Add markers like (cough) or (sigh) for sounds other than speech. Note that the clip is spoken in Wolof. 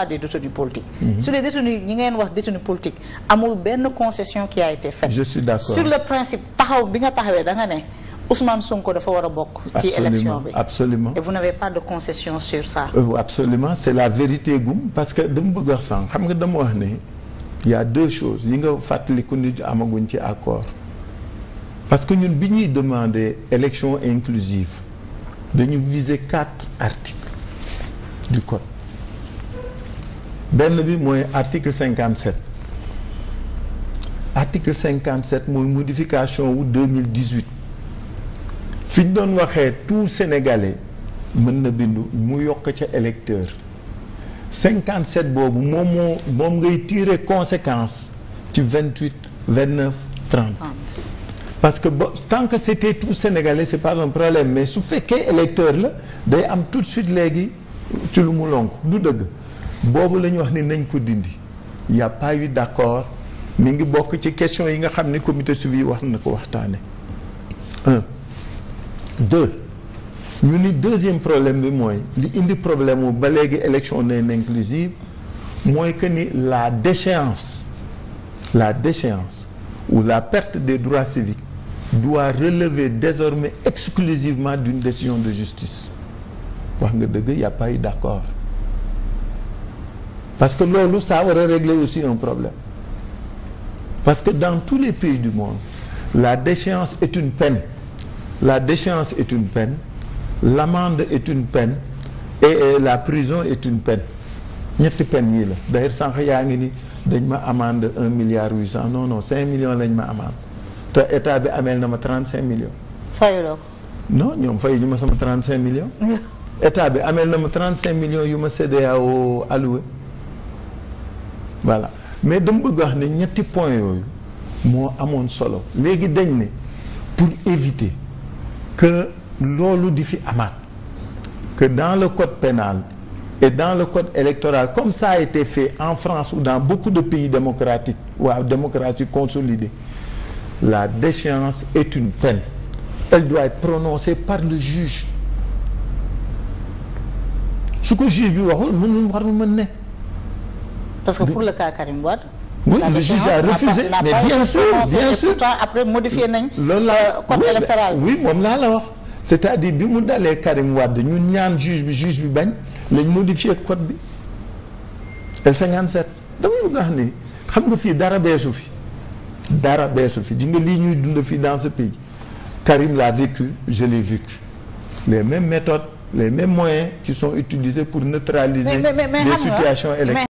pas des détenus politiques. Mm ñi ngeen wax détenus politiques amul benn concession qui a été faite. je suis le principe taxaw bi nga taxawee da nga ne Ousmane Sonko dafa war a bokk. ci élection bi absolument et vous n'avez pas de concession sur ça. Euh, absolument c'est la vérité gum parce que dama bëgg wax sànq xam nga dama wax ne y a deux choses yi nga fàttaliku ni amaguñ ci accord parce que ñun bi ñuy demander élection inclusive dañu viser quatre articles du code. benn bi mooy article 57 article 57 mooy modification wu 2018 fi ñu doon waxee tout sénégalais mën na bindu mu yokk ca électeur 57 boobu moom moo moom ngay tirer conséquence ci 28 29 30. 30 parce que ba tant que c'était tout sénégalais c'est pas un problème mais su fekkee électeur la day am tout de suite léegi ci lu mu lonk du dëgg. boobu la ñu wax ni nañ ko dindi y' a pas eu d' accord mi ngi bokk ci question yi nga xam ne comité suivi wax na ko waxtaane un deux ñu ni deuxième problème bi mooy li indi problème wu ba léegi élection non inclusive mooy que ni la déchéance la déchéance ou la perte des droits civiques doit relever désormais exclusivement d'une décision de justice wax nga dëgg y' pas eu d' accord parce que loolu ça war a régler aussi un problème parce que dans tous les pays du monde la déchéance est une peine la déchéance est une peine l'amende est une peine et, et la prison est une pen ñetti peine yii la d'ailleurs sànq yaa ngi ni dañ ma amende un milliard huit cent non non cinq millions lañ ma amende te état bi ameel na ma trente cinq millions. fayuloo non ñoom fay ñu ma sama trente cinq millions. (laughs) état bi ameel na ma trente cinq millions yu ma aw alloué. voilà mais dama bëgg wax ne ñetti point yooyu moo amoon solo léegi dañ ne pour éviter que loolu di fi amaat que dans le code pénal et dans le code électoral comme ça a été fait en France ou dans beaucoup de pays démocratiques ou à consolidée la déchéance est une peine elle doit être par le juge su ko juge bi waxul mënul warul mën ne parce que pour le cas Karim Wade. a refusé a pas, mais bien sûr bien sûr pourtant après modifié nañ. loolu laa euh, code électoral oui moom laa la wax. c'est-à-dire bi mu dalee Karim Wade ñun ñaan juge bi juge bi bañ lañ modifié code bi L57 dama bëgg a xam xam nga fii dara beesu fi dara beesu fi ji nga lii ñuy dund fii dans ce pays Karim l'a vécu je l'ai vécu les mêmes méthodes les mêmes moyens qui sont utilisés pour neutraliser mais, mais, mais, les situations électorales